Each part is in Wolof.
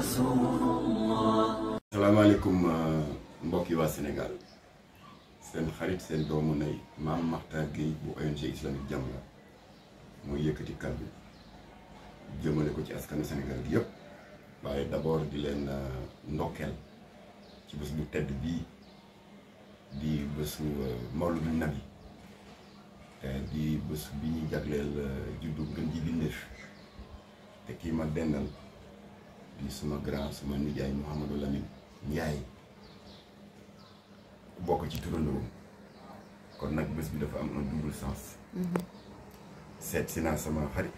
rasulullah salaamaaleykum euh, mbokki waa Sénégal seen xarit seen doomu nay maam Makhtar Gueye bu ONG islamique Jamra mooy yëkkati kàddu jëmale ko ci askanu Sénégal gi yëpp waaye d'abord di leen euh, ndokkeel ci bés bu tedd bii di bésu euh, mawludul nabi di bés bi ñuy jagleel juddu gën ji bindeef te kii ma dendal suma sama grand sama nijaay Mouhamadou Lamine Ndiaye bokk ci turandoom kon nag bés bi dafa am un double sens mhm. seet si naa sama xarit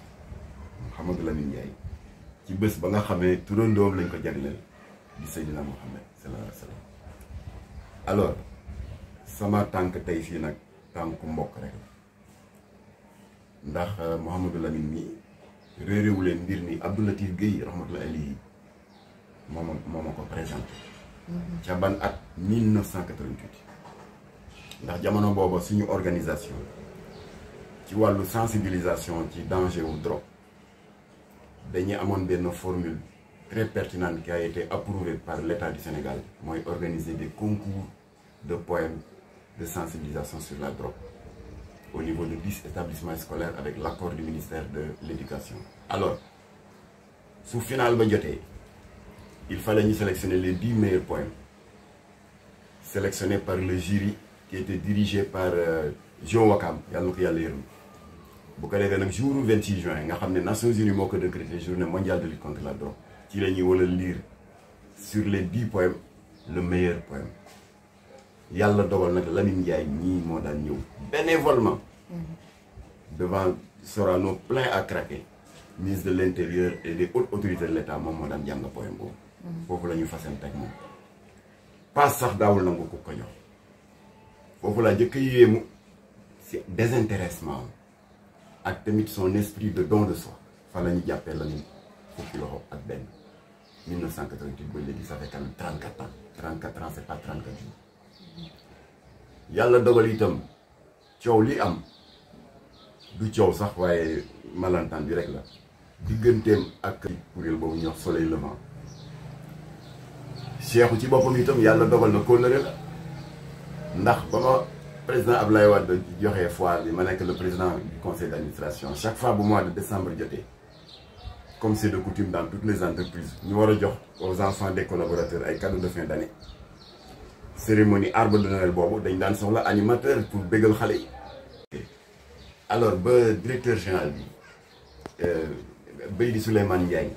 Mouhamadou Lamine Ndiaye ci bés ba nga xamee turandoom lañ ko jagleel di Seydina Mouhamed sallallahu alayhi wa sama tànk tey fii nag tànku mbokk rek ndax euh, Mouhamadou Lamine mi réeréwu leen mbir ni Abdoulatif Guèye rahmatullah alayhi moo ma moo ma ko présenté. ca ban at 1988 ndax jamono booba suñu organisation ci wàllu sensibilisation ci danger wu drogue dañuy amoon benn formule très pertinente qui a été approuvée par l'État du Sénégal mooy organiser des concours de poèmes de sensibilisation sur la drogue au niveau de dix établissements scolaires avec l'accord du ministère de l'éducation alors su final ba jotee. il fallait ñu sélectionner les dix meilleurs poèmes sélectionnés par le jury qui était dirigé par euh, John Wakam yàlla na ko yàlla yërëm bu ko defee nag jour juin nga xam ne Nations Unies moo ko décrété journée mondiale de lutte contre la drogue ci la ñuy wala liir sur les dix poèmes le meilleur poème yàlla dogal nag Lamine Ndiaye ñii moo daan ñëw bénévolement devant Sorano plein à craquer ministre de l'intérieur et des hautes autorités de l'état moom moo daan jàng poème boobu foofu la ñu fasante ak moom paas sax daawul nangu ku ko jox foofu laa njëkk a yéemu si désintéressement ak tamit son esprit de don de soi fa lañu jàppee la ñu fukki loxo ak benn 1988 ba léegi ça fait quand même 34 ans 34 ans c'est pas 34 jours yàlla dogal itam coow li am du coow sax waaye malentendu bi rek la digganteem ak kuréel boobu ñuy wax soleil levant Cheikhou ci boppam itam yàlla dogal na kóllëre la ndax ba ma président Abdoulaye Wade joxe foire bi ma nekk le président du conseil d' administration chaque fois bu mois de décembre jotee comme c' est de coutume dans toutes les entreprises ñu war a jox aux enfants des collaborateurs ay cadeaux de fin d' année cérémonie arbre de Noël boobu dañ daan soxla animateur pour bégal xale yi. alors ba directeur général bi euh, Beydi Souleymane Ndiaye.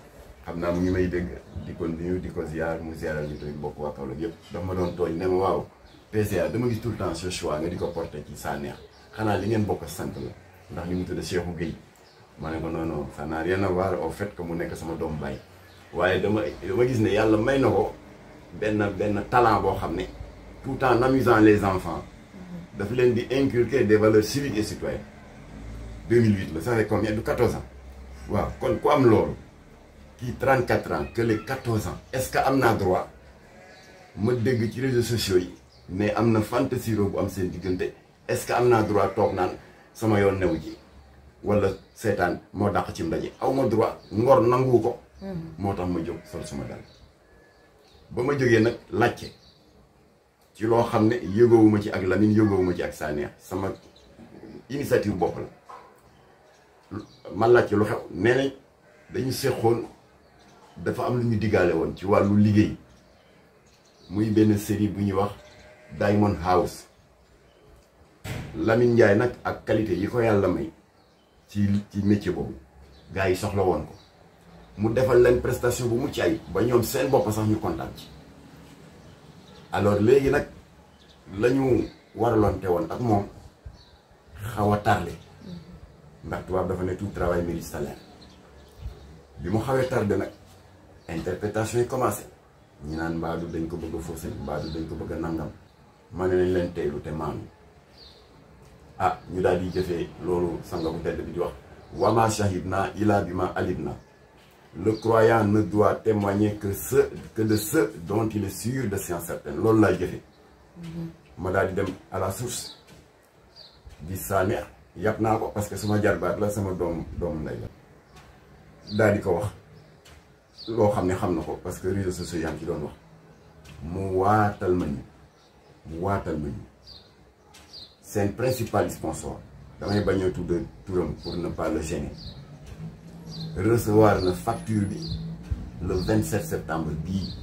xam naa mu ngi may dégg di ko nuyu di ko ziar mu ziaral ñu tamit mbokk waa Kaolack yëpp dafa ma doon tooñ ne ma waaw PCA dama gis tout temps ce choix nga di ko porté ci Sanex xanaa li ngeen bokk sant la ndax li mu tudd Cheikhou Gueye ma ne ko non non ça n'a rien à voir au mu nekk sama doom baay waaye dama dama gis ne yàlla may na ko benn benn talent boo xam ne tout en amusant les enfants daf leen di inculquer des valeurs civiques et citoyennes 2008 la ça fait combien du 14 waaw kon ku am loolu. kii 34 ans que les 14 ans est-ce que am naa droit ma dégg ci réseaux sociaux yi mais am na fantasiro bu am seen diggante est-ce que am naa droit toog naan sama yoon new ji wala seetaan moo dàq ci ndaje aw ma droit ngor nanguwu ko hmm. moo tax ma jóg sol suma dal ba ma jógee nag laajte ci loo xam ne yëgoowuma ci ak Lamine yëgoowuma ci ak Saneex sama initiative bopp la ma laajte lu xew nee dañu seqoon dafa am lu ñu diggaale woon ci wàllu liggéey muy benn série bu ñuy wax Diamond House Lamine njaay nag ak qualité yi ko yàlla may ci ci métier boobu gars yi soxla woon ko mu defal leen prestation bu mucc ay ba ñoom seen bopp sax ñu kontaan ci alors léegi nag la ñu waraloonte woon ak moom xaw a tardé ndax tubaab dafa ne tout travail mérite salaire bi mu xawee tardé nag. interprétation yi commencé ñi naan mbaadu dañ ko bëgg a forcé mbaadu dañ ko bëgg a nangam ma ne nañ leen teelu te maanu ah ñu daal di jëfee loolu sanga bu tedd bi di wax wama shahid na ila bi ma alib na le croyant ne doit témoigner que ce que de ce dont il est de science certaine loolu laay jëfee ma daal di dem à la source di saaneex yàpp naa ko parce que suma jarbaat la sama doom doomu ndey la daal di ko wax loo xam ne xam na ko parce que réseaux sociaux yaa ngi ci doon wax mu waatal ma ñu mu waatal ma ñu seen principal sponsor damay bañ tudd turam pour ne pas le gêner recevoir na facture bi le 27 septembre bii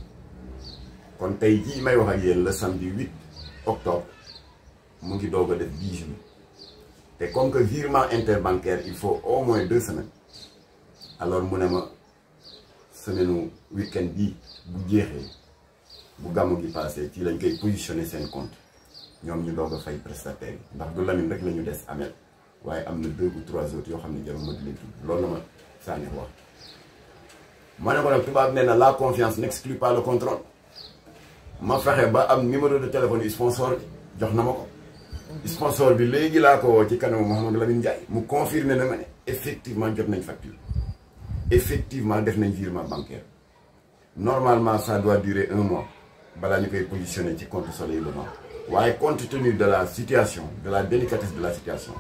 kon tey jii may wax ak yéen le samedi 8 octobre mu ngi doog a def 10 jours te comme que interbancaire il faut au moins deux semaines alors mu ne ma. semaine week-end bii bu jeexee bu gàmmu gi passé ci lañ koy positionné seen compte ñoom ñu doog fay prestataire ndax du Lamine rek la ñu des amel waaye am na deux trois autres yoo xam ne jarul ma di leen loolu la ma Sané wax ma ne tubaab nee na la confiance n'exclut le contrôle ma fexe ba am numéro de téléphone sponsor jox na ma ko sponsor bi léegi laa ko woo ci kanamu Mouhamadou Lamine Ndiaye mu confirmé na ma ne effectivement jot nañ facture effectivement def nañ virement bancaire normalement ça doit durer un mois balaa ñu koy positionner ci compte Soleil Levant waaye compte tenu de la situation de la délicatesse de la situation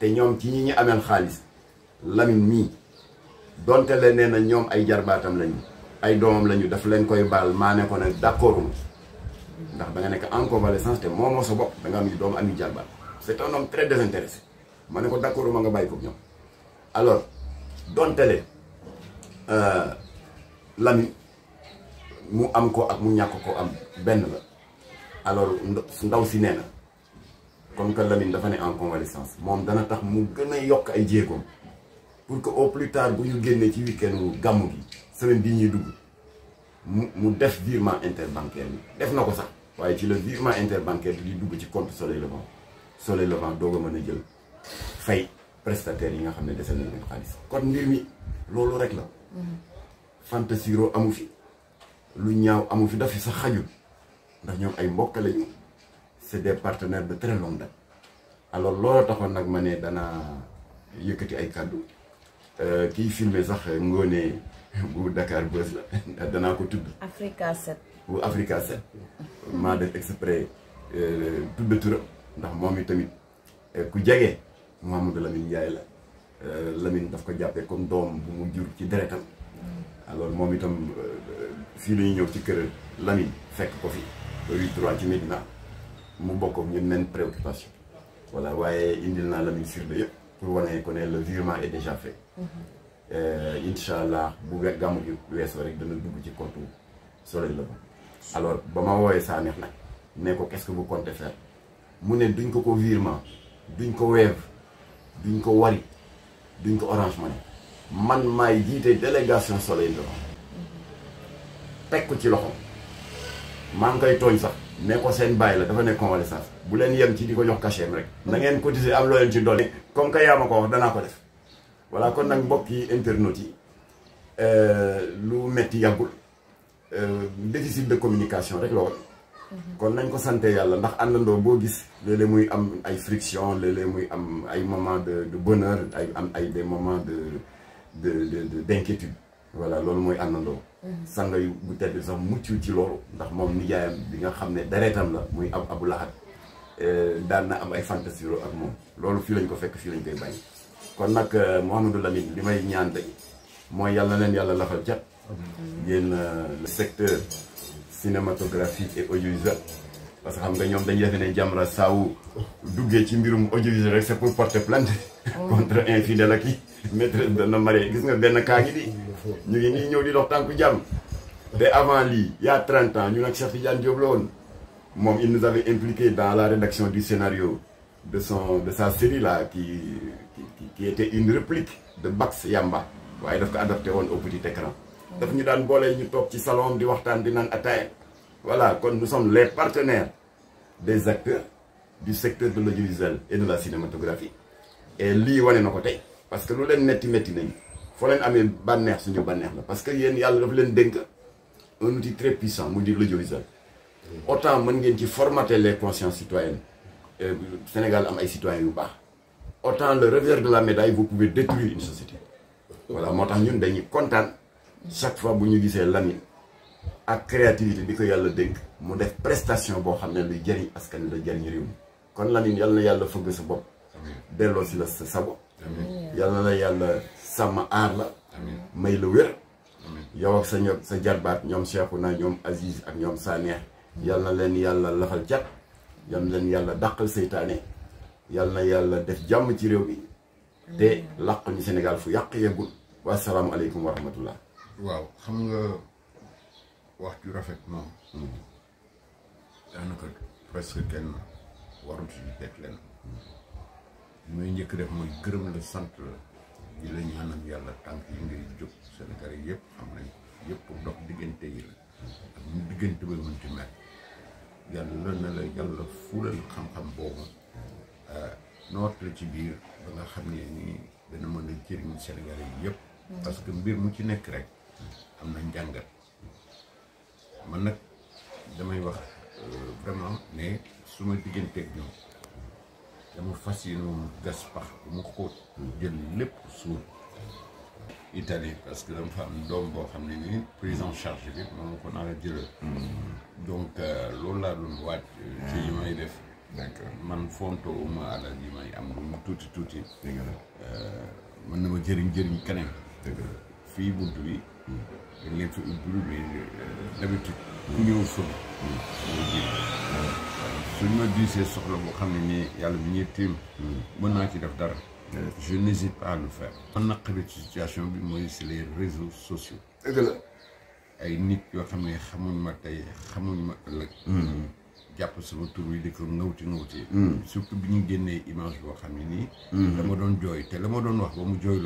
te ñoom ci ñi ñu ameel xaalis Lamine mii donte le nee na ñoom ay jarbaatam lañu ay doomam lañu daf leen koy baal maa ne ko ne d'accord ndax da nga nekk en convalescence te moo moo sa bopp danga am yu doom am yu jarbaat c'est un homme très désintéressé ma ne ko d'accord ma nga bàyyi ko ñoom alors dontele euh, Lamine mu am ko ak mu ñàkk ko am benn la alors ndaw si nee na comme que Lamine dafa ne en convalescence moom dana tax mu gën a yokk ay jéegoom pour que au plus tard bu ñu génnee ci week-end gàmmu gi semaine bi ñuy dugg mu mu def virement interbancaire bi def na ko sax waaye ci la virement interbancaire bi di dugg ci compte Soleil Levant Soleil Levant doog a mën a jël prestataires yi nga xam ne dese nañ leen xaalis kon mbir mi loolu rek la fantasiro amu fi lu ñaaw amu fi dafi sax xajul ndax ñoom ay mbokk lañu c'est des partenaires de très longue date alors loolu taxoon nag ma ne danaa yëkkati ay kàddu euh, kiy filmer sax ngoonee bu Dakar Buzz la danaa ko tudd Africa 7 bu Africa 7 maa def exprès euh, tudd ndax moom i tamit euh, ku jege Mamadou Lamine Ndiaye la euh, Lamine daf ko jàppee comme doom bu mu jur ci deretam alors moom itam euh, fii lañu ñëw ci kër Lamine fekk ko fi rue 3 ci Médina mu bokk ñu même préoccupation voilà waaye indil naa Lamine sur le yëpp pour wane ko ne le virement est déjà fait euh, incha allah bu we gàmmu gi weesoo rek dana dugg ci compte la Levant alors ba ma woowee Sanex nag ne ko quest ko que vous comptez mu ne duñ ko ko virement duñ ko Wave duñ ko wari duñ ko orange money man maay jiite délégation soleil levant teg ko ci loxo maa ngi koy tooñ sax ne ko seen bàyyi la dafa nekk convalescence bu leen yem ci di ko jox cachet rek na ngeen cotiser am loo leen ci dolli comme que yaa ma ko wax danaa ko def voilà kon nag mbokk yi internautes yi euh, lu metti yàggul euh, déficit de communication rek la woon kon nañ ko sante yàlla ndax àndandoo boo gis léeg-léeg muy am ay friction léeg-léeg muy am ay moment de de bonheur ay am ay de de de d'inquiétude voilà loolu mooy àndandoo mhm. sanga yu bu tedd sax mucc ci loolu ndax moom nijaayam bi nga xam ne deretam la muy ab abu laxat eh, daan na am ay fantasiro ak moom loolu fii lañ ko fekk fii lañ koy bàyyi kon nag eh, Mouhamadou Lamine li may ñaan tey mooy yàlla leen yàlla lafal cat mhm. yéen eh, secteur cinématographie et audiovisuel parce que xam nga ñoom dañu defe ne Jamra saawu duggee ci mbirum audiovisuel rek c'est pour porter plainte oh. contre infidèle ak i maîtresse d'un marié gis nga benn kaa ngi di ñu ngi nii ñëw di dox tànku jàmm de avant lii il y a 30 ans ñu nag Cheikh Tidiane Diop la woon moom il nous avait impliqué dans la rédaction du scénario de son de sa série là qui qui, qui était une réplique de Bax Yamba waaye daf ko adapté woon au petit écran daf ñu daan booleel ñu toog ci salon di waxtaan di naan ataaya voilà kon nu sommes les partenaires des acteurs du secteur de l'audiovisuel et de la cinématographie lii wane na ko tey parce que lu leen metti metti nañu foo leen amee bànneex suñu bànneex la parce que yéen yàlla dafa leen dénk un outil très puissant mu di l'audiovisuel autant mën ngeen ci formater les consciences citoyennes euh, Sénégal am ay citoyens yu baax autant le revers de la médaille vous pouvez détruire une société voilà moo tax chaque fois bu ñu gisee Lamine ak créativité bi ko yàlla dénk mu def prestation boo xam ne luy jëriñ askan wi la jëriñ réew mi kon Lamine yal yàlla fëgg sa bopp delloo si la sa sabo na la yàlla sàmm aar la may yow ak jarbaat ñoom Cheikhouna ñoom Aziz ak ñoom Saneex yal na leen yàlla lafal cat yal na leen yàlla dàqal seytaane yàlla na yàlla def jàmm ci réew bi te làq ñu Sénégal fu yàq yeggul wa salaamu aleykum wa waaw xam nga wax ju rafet moom daanaka presque kenn warut si teg leen muy njëkk def mooy gërëm la sant la di la ñaanal yàlla tànk yi ngay jóg Sénégal yi yëpp xam nañ yëpp dox diggante yi la ak ñu diggante ba mën ci mel yàlla na la yàlla fulal xam-xam boobu euh, noot la ci biir ba xam ne nii dana mën a jëriñ Sénégal yi yëpp mm. parce que mbir mu ci nekk rek am na njàngat man nag damay wax euh, vraiment ne suma digganteeg ñoom dama fas yéene woon gas pax bu mu jël lépp suur Italie parce que dama fa am doom boo xam ne nii prise en charge bi moom ko naa jëlal donc euh, loolu laa doon waaj euh, ci yi may def man fonto uma alal yi may am lu mu tuuti tuuti mën na ma jëriñ jëriñ keneen fii bunt bi dañ leen fi ubbi mais d'habitude ku ñëw solo suñ ma diisee soxla boo xam ne nii yàlla mi ñuy tiim mën naa ci def dara je n'hésite pas à le faire man naqari ci bi mooy c'est les réseaux sociaux ay nit yoo xam ne xamuñ ma tey xamuñ ma ëllëg jàpp sama tur yi di ko nawti hmm. surtout bi ñu génnee image boo xam ne nii. Hmm. dama doon jooy te la ma doon wax ba mu jooy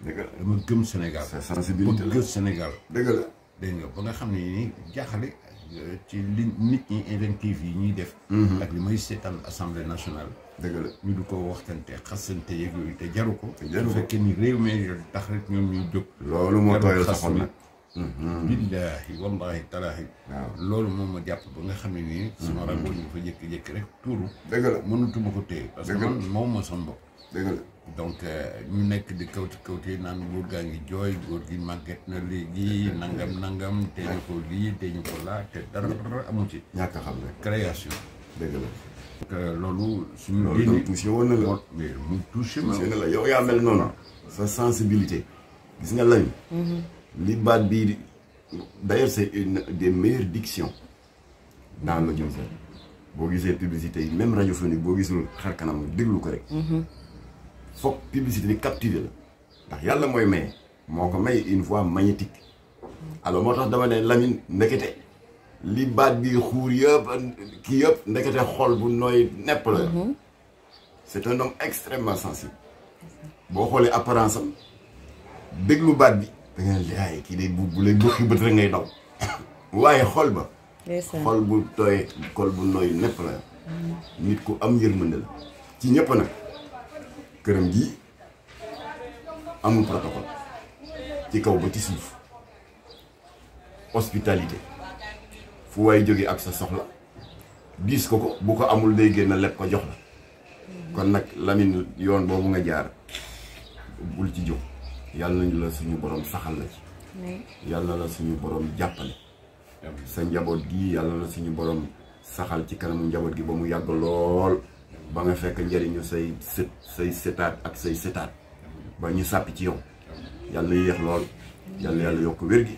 dëgg la dama gëm Sénégal. sa sensibilité la gëm Sénégal. dëgg la dégg nga ba nga xam ne nii jaaxale euh, ci li nit ñi inventive yi ñuy def. Hmm. ak li may seetaan assemblée nationale. dëgg la ñu du ko waxtante xasante yeeg yooyu te jaru ko. te jaru ko bu fekkee ni réew mi tax rek ñoom ñuy jóg. loolu moo tooyal sa xol Mm-hmm. billaahi wallaahi talaahi loolu moom ma jàpp ba nga xam ne nii sama mm-hmm. rabo ñu fa jékki-jékki rek tuuru dëgg la mënatuma ko téye parce que moom ma sama bopp dëgg la donc euh, ñu nekk di kawti kawti naan góor gaa ngi jooy góor gi màgget na léegi nangam nangam te ñu ko lii te ñu ko laa te dara amu ci ñàkk xam rek création dëgg la euh, loolu suñu loolu touché woon na la mais yow yaa mel noonu sa sensibilité gis nga lañu mm-hmm. li baat bii d'ailleurs c'est une des meilleures dictions dans l'audiovisuel boo gisee publicité yi même radiophonique boo gisul xar kanam déglu ko rek mhm. foog publicité bi captiver la ndax yàlla mooy maye moo ko may une voix magnétique alors moo tax dama ne Lamine ndekete li baat bi xuur yëpp kii yëpp ndekete xol bu nooy nepp la mhm. c'est un homme extrêmement sensible boo xoolee apparence am déglu baat bi da ngeen kii de bu bu lay bëgg bët rek ngay daw waaye xol ba. xol bu tooy xol bu nooy nepp la. nit ku am yërmande la. ci ñëpp nag këram gi amul protocole ci kaw ba ci suuf fu waay jógee ak sa soxla gis ko ko bu ko amul day génn leb ko jox la kon nag Lamine yoon boobu nga jaar bul ci jóg. yàlla nañu la suñu borom saxal la ci yàlla la suñu borom jàppale sa njaboot gi yàlla la suñu borom saxal ci kanamu njaboot gi ba mu yàgg lool ba nga fekk njëriñu say sët say sëtaat ak say sëtaat ba ñu sàppi ci yow yàlla yéex lool yàlla yàlla yokk wér gi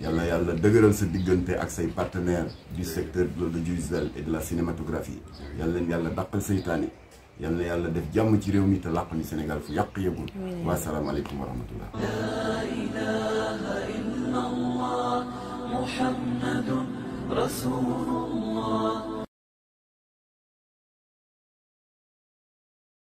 yàlla yàlla dëgëral sa diggante ak say partenaires du secteur de l'audiovisuel et de la cinématographie yàlla leen yàlla dàqal seytaane yal na yàlla def jàmm ci réew mi te làq ni Sénégal fu yàq yëgul wa salaamaaleykum wa rahmatullah la ilaha illa allah muhammadun rasulullah